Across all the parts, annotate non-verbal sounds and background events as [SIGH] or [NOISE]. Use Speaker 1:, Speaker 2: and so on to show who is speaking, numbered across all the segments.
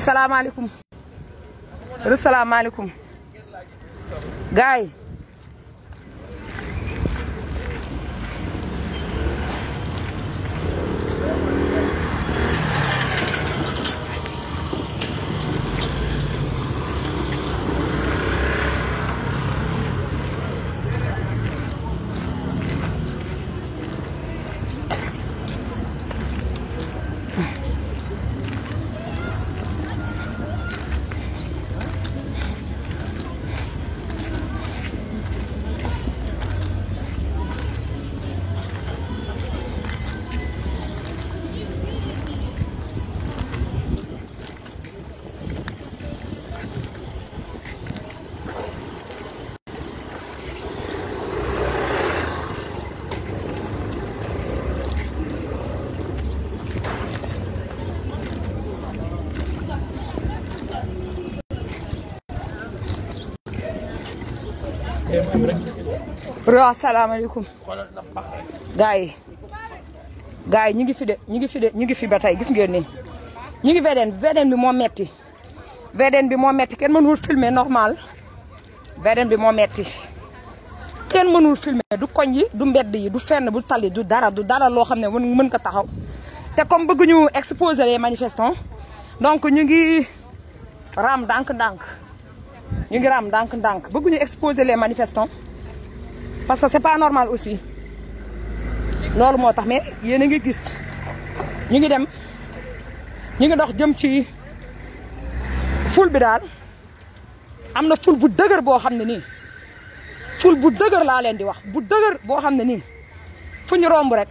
Speaker 1: salaamaaleykum. salaamaaleykum. gars yi ro asalaamaaleykum gars yi gars yi ñu ngi fi de ñu ngi fi de ñu ngi fi ba tey gis ngeen ni ñu ngi VDN VDN bi moo metti VDN bi moo metti kenn mënul filmer normal VDN bi moo metti kenn mënul filme du koñ yi du mbedd yi du fenn bu tali du dara du dara loo xam ne mën mën ko taxaw te comme bëgguñu exposer le manifestants donc ñu ngi raam ndànk-ndànk ñu ngi raam ndànk-ndànk bëgguñu exposer les manifestants parce que c'est pas normal aussi loolu moo tax mais yéen a ngi gis ñu ngi dem ñi ngi dox jëm ci ful bi daal am na ful bu dëgër boo xam ne nii ful bu dëgër laa leen di wax bu dëgër boo xam ne nii fu ñu romb rek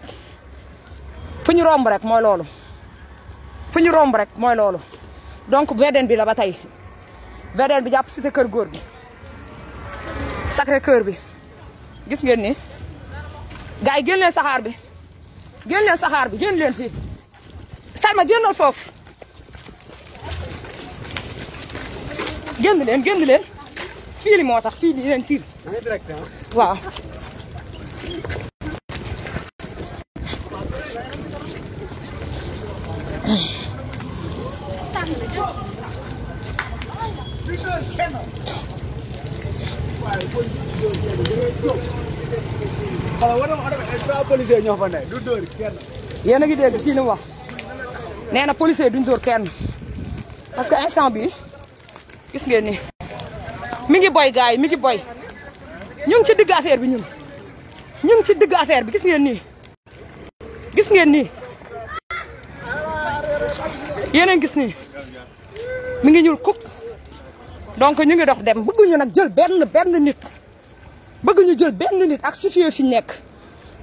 Speaker 1: fu ñu romb rek mooy loolu fu ñu romb rek mooy loolu donc VDN bi la ba tey VDN bi jàpp si kër góor bi Sacré-Cœur bi gis ngeen ni gaay yi génn leen saxaar bi génn leen saxaar bi génn leen fi Salma génnal foofu génn leen génn leen fii li moo tax fii di leen tiir waaw policier ñoo fa
Speaker 2: ne du dóor kenn
Speaker 1: yéen a ngi dégg kii wax nee na policier duñ kenn parce que instant bi gis ngeen ni mi ngi boy gars mi ngi boy ñu ngi ci digg affaire bi ñun ñu ngi ci digg affaire bi gis ngeen nii gis ngeen nii yeneen gis nii mi ngi ñuul kuk donc ñu ngi dox dem ñu nak jël benn benn nit ñu jël benn nit ak sufiyo fi nekk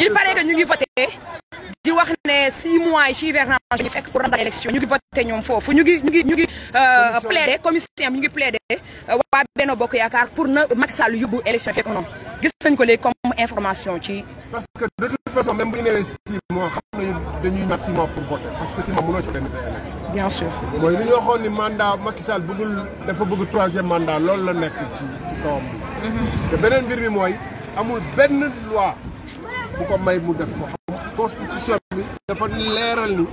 Speaker 1: il paraît que ñu ngi voté di wax ne six mois yi ci hivernage ñu fekk pour rendre élection ñu ngi voté ñoom foofu ñu ngi ñu ngi ñu ngi plaidé euh, commission bi ñu ngi plaidé euh, waa comme information ci parce que de toute façon même bu ñu nee six mois xam nañu dañuy ñàkk
Speaker 2: pour voter parce que six mois mënoo ci organiser élection bien sûr mooy li ñu waxoon ni mandat Macky Sall dafa bëgg troisième mandat loolu la nekk ci ci kawam mhm. te beneen mbir mi mooy amul benn loi bu may mu def ko constitution bi dafa leeral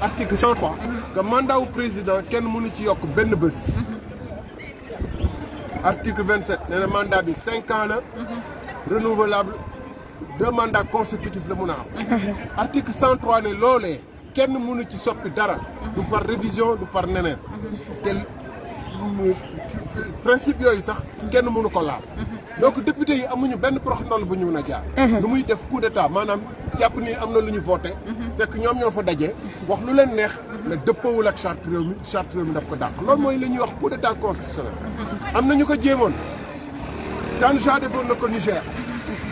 Speaker 2: article 103 que mandat au président ken munu ci yok ben bés article 27 le mandat de 5 ans renouvelable deux mandats consécutifs le mun [LAUGHS] article 103 né lolé ken munu ci soppi dara du par révision du par de principe yooyu sax kenn mënu ko laal. donc député yi amuñu benn proxmal bu ñu mën a jaar. Mhm. lu muy def coup d'état maanaam jàpp ni am na lu ñu voté. Mhm. fekk ñoom ñoo fa daje. wax lu leen neex. Mhm. mais dëppawul ak charte réew mi charte mi daf ko dàq. loolu mooy li ñuy wax coup d'état constitutionnel. am na ñu ko jéemoon. Tanja defoon na ko Niger.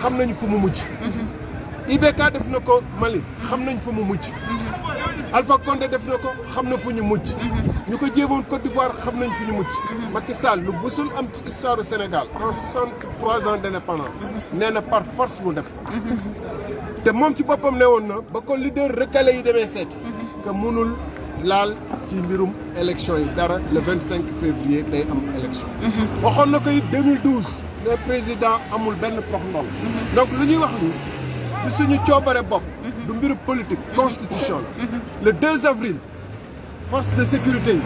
Speaker 2: xam nañu fu mu mujj. IBK def na ko Mali xam nañ fu mu mujj. Alpha Condé def na ko xam na fu ñu mujj. Mhm. ñu ko Côte d'Ivoire xamnañ fuñu fu ñu mujj. Mhm. Macky Sall lu bësul am ci histoire du Sénégal en 63 ans d'indépendance. Mhm. nee par force mu def ko. te moom ci bopam ne na ba ko leader recalé yi 2007 seeti. que mënul laal ci mbirum élection yi dara le 25 février day am élection. waxon na ko it 2012. le président amul ben prox ndool donc lu ñuy wax ni suñu coobare bop du mbiru politique constitutionnel, le 2 avril forces de sécurité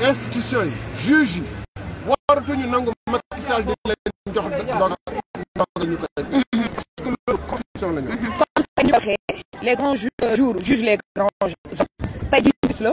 Speaker 2: yi institution yi juge yi waratuñu nangu Macky Sall di leen jox dogal dogal
Speaker 1: ñu koy parce que loolu constitution la ñu kon ñu waxee les grands euh, juges, jugent les grands hommes tey jii gis la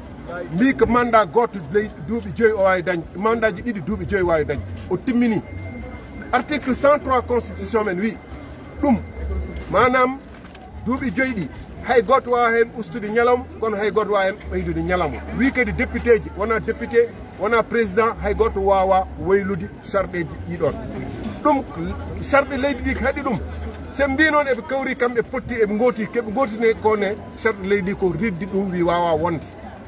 Speaker 2: mbi ko mandat goto duuɓi joyi o wawi dañde mandat ji ɗiɗi duuɓi joyi wawi dañde o timmini article 103 constitution men wi ɗum manam duuɓi joyi ɗi hay goto wawa hen ustude ñalawm kono hay goto wawa hen ɓeydude ñalawma wi kadi député ji wona député wona président hay goto wawa waylude charɗeji ɗiɗon ɗum charɗe leydi ɗi haɗi ɗum sen mbi noon eɓe kawri kamɓe potti eɓe gooti keɓe gootine kone charɗe leydi ko riddi ɗum wi wawa wonde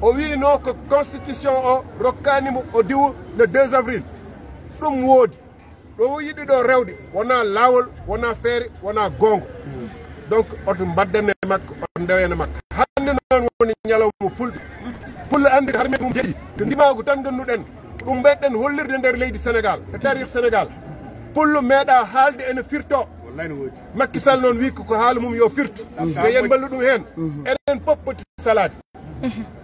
Speaker 2: o wino ko constitution o rokkanimo o diwu le 2 avril ɗum woodi ɗo yiɗi ɗo rewde wona laawol wona feere wona goongo donc oto mbaddane makko oto ndewene makko hande noon woni ñalawmo fulɓe pulle andi harmin ɗum jeeyi to ndimaagu tan ngannduɗen ɗum ɓeyɗen hollirde nder leydi sénégal e tarir sénégal pulle meeɗa haalde ene firto makkisal noon wikko ko haala mum yo firtu yo yen mballu ɗum heen mm. enen poppoti salade [LAUGHS]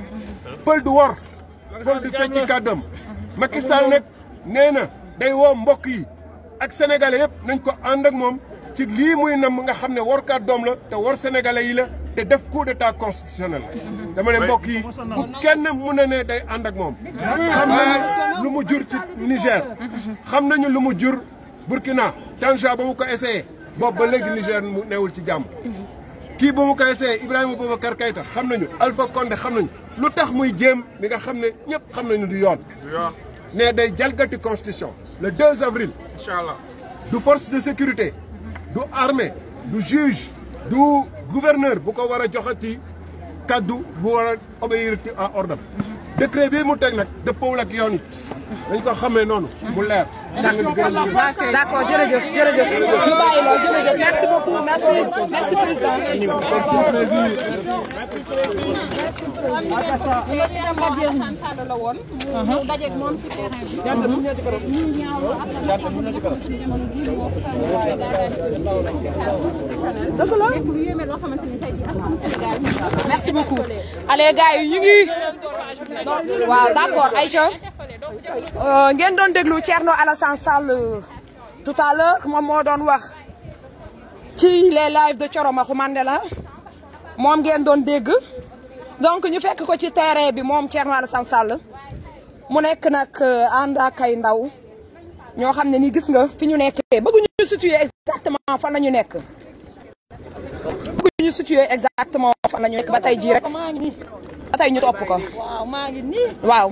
Speaker 2: pël du wor pël du fecci kàddam Macky Sall nag nee na day woo mbokk yi ak sénégalais yëpp nañ ko ànd moom ci lii muy nam nga xam ne wor kàddoom la te wor sénégalais yi la te def coup d'état constitutionnel la dama ne mbokk yi bu kenn mun a ne day ànd ak moom xam nañu lu mu jur ci Niger xam nañu lu mu jur Burkina Tanja ba mu ko essayé boobu ba léegi Niger mu newul ci jàmm kii boobu kay see Ibrahima Boubacar Keïta xam Alpha Condé xam nañu lu tax muy jéem li nga xam ne ñëpp du yoon. ne day jalgati constitution. le 2 avril. incha allah du force de sécurité. du armée du juge. du gouverneur bu ko war a joxati kaddu bu war a obéir à ordre. décret bii mu teg nag dëppoowul ak yoon dañ ko leer. d'accord merci beaucoup merci merci président.
Speaker 1: merci merci beaucoup. allez gars ñu ngi. d'accord Aïcha. Euh, ngeen doon déglu Thierno la Sall euh, tout à l'heure mo doon wax ci les lives de Mandela mom ngeen doon dégg donc ñu fekk ko ci terrain bi mom Thierno Alassane Sall mu nek nak euh, anda kay ndaw ño xamné ni gis nga fi ñu bëgguñu situer exactement fa la nekk bëgguñu situer exactement fa la ba rek ñu top ko waaw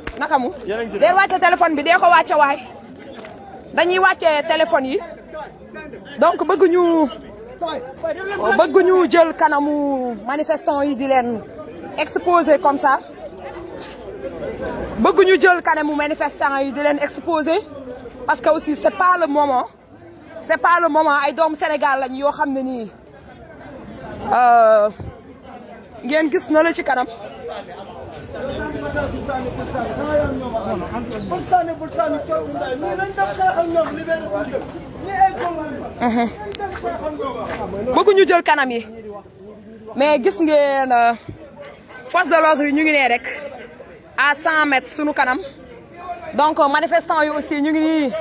Speaker 1: nakamu, mu dee téléphone bi dee ko wàcce waay dañuy wàccee téléphone yi donc bëgguñu bëgguñu jël kanamu manifestant yi di leen exposé comme ça bëgguñu jël kanamu manifestant yi di leen exposé parce que aussi c'est pas le moment c'est pas le moment ay doom Sénégal lañ yo xamné ni euh ngeen gis na la ci kanam bul sànni bul jël kanam yi mais gis ngeen euh, force de l'ordre yi ñu ngi ne rek à 100 mètres suñu kanam donc euh, manifestant yi aussi ñu ngi nii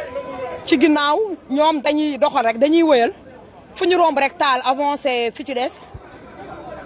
Speaker 1: ci ginnaaw ñoom dañuy doxal rek dañuy wëyal fu ñu romb rek taal avancé fi ci des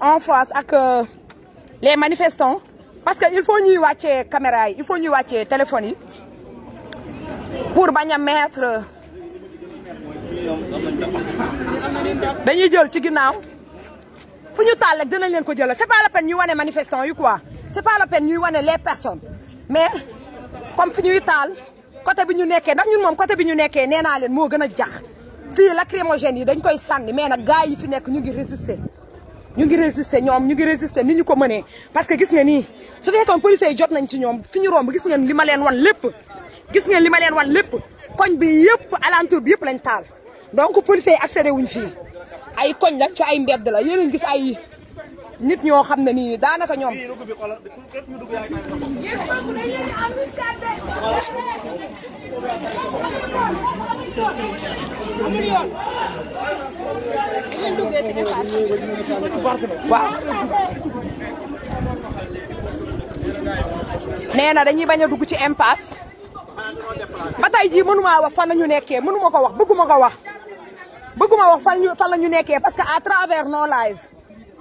Speaker 1: en face avec euh, les manifestants parce que il faut nous watcher caméra caméras. il faut nous watcher les pour bañ a mettre euh, dañuy jël ci ginnaaw de ñu taal leen ko c'est pas la peine manifestants quoi c'est pas la peine les personnes mais comme nous ñuy côté quand nous ñun côté nous leen nous a jax fii lacrymogène yi dañ koy mais résister ñu ngi résister ñoom ñu ngi résister ni ñu ko mënee parce que gis nga nii su fekkoon policiers yi jot nañ ci ñoom fi ñu romb gis ngeen li ma leen wan lépp gis ngeen li ma leen wan lépp koñ bi yëpp alentour bi yëpp lañ taal donc policiers yi accédé wuñ fii ay koñ la ci ay mbedd la yéen gis ay nit ñoo xam ni nii daanaka ñoom waaw dañuy baña dugg ci impasse ba tey jii mënuma wax fa lañu nekké mënuma ko wax bëgguma ko wax bëgguma wax fa lañu fa lañu nekké parce que à travers nos live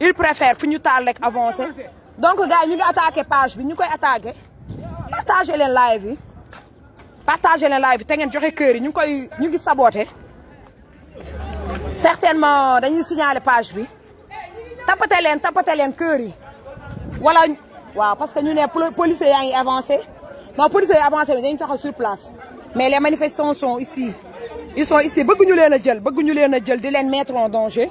Speaker 1: Ils préfèrent finir tard avec avancer donc gars nous ñu attaquer page bi ñu attaquer. Partagez-les live Partagez-les leen live yi te ngeen joxe cœur, yi ñu ngi Certainement, ñu ngi saboté certainement dañuy signaler page bi les leen les leen kër yi wala parce que nous, les policiers yaa ngi avancé non policiers yi avancé dañu taxaw sur place mais les manifestants sont ici ils sont ici bëgguñu leen a jël bëgguñu leen a jël di les mettre en danger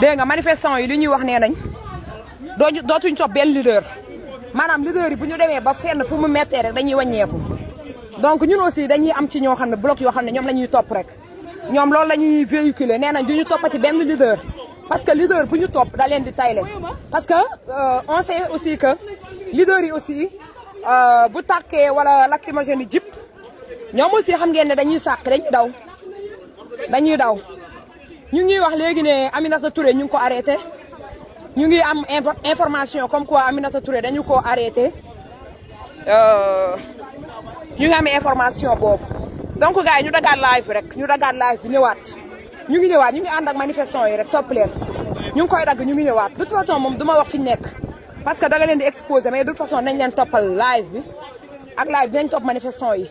Speaker 1: dégg nga manifestant yi li ñuy wax nee nañ dooñu dootuñ topp benn leader maanaam leader yi bu ñu demee ba fenn fu mu méttee rek dañuy wàññeeku donc ñun aussi dañuy am ci ñoo xam ne bloc yoo xam ne ñoom la ñuy topp rek ñoom loolu la ñuy véhiculer nee nañ du ñu toppa ci benn leader parce que leader bu ñu topp daleen leen di tayle parce que euh, on sait aussi que leader yi aussi euh, bu takkee wala lacrymogène yi jip ñoom aussi xam ngeen ne dañuy sàq dañuy daw dañuy daw ñu ngi wax léegi ne Aminata Touré ñu ngi ko arrêté ñu ngi am information comme quoi Aminata Touré dañu ko arrêté euh, ñu ngi am information boobu donc gars yi ñu dagaat live rek ñu dagaat live bi ñëwaat ñu ngi ñëwaat ñu ngi ànd ak manifestant yi rek topp leen ñu ngi koy dagg ñu ngi ñëwaat de toute façon moom du ma wax fi ñu nekk parce que danga leen di exposé mais de toute façon nañ leen toppal live bi ak live bi nañ topp yi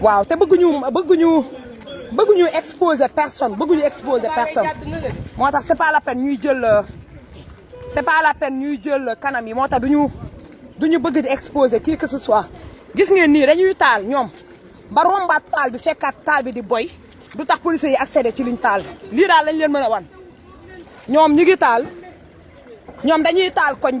Speaker 1: waaw te exposer personne nous exposer personne c'est pas la peine ñuy jël c'est pas la peine ñuy jël exposer qui que ce soit gis ngeen nii dañuy taal ba taal bi taal bi di boy du tax police yi accéder ci liñ taal lii lañ leen wan ñu ngi taal dañuy taal koñ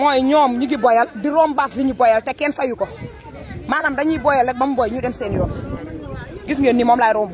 Speaker 1: mooy ñoom ñu ngi boyal di rombaat li ñu boyal te kenn fayu ko maanaam dañuy boyal rek ba mu ñu dem seen yoon gis ngeen ni moom laay romb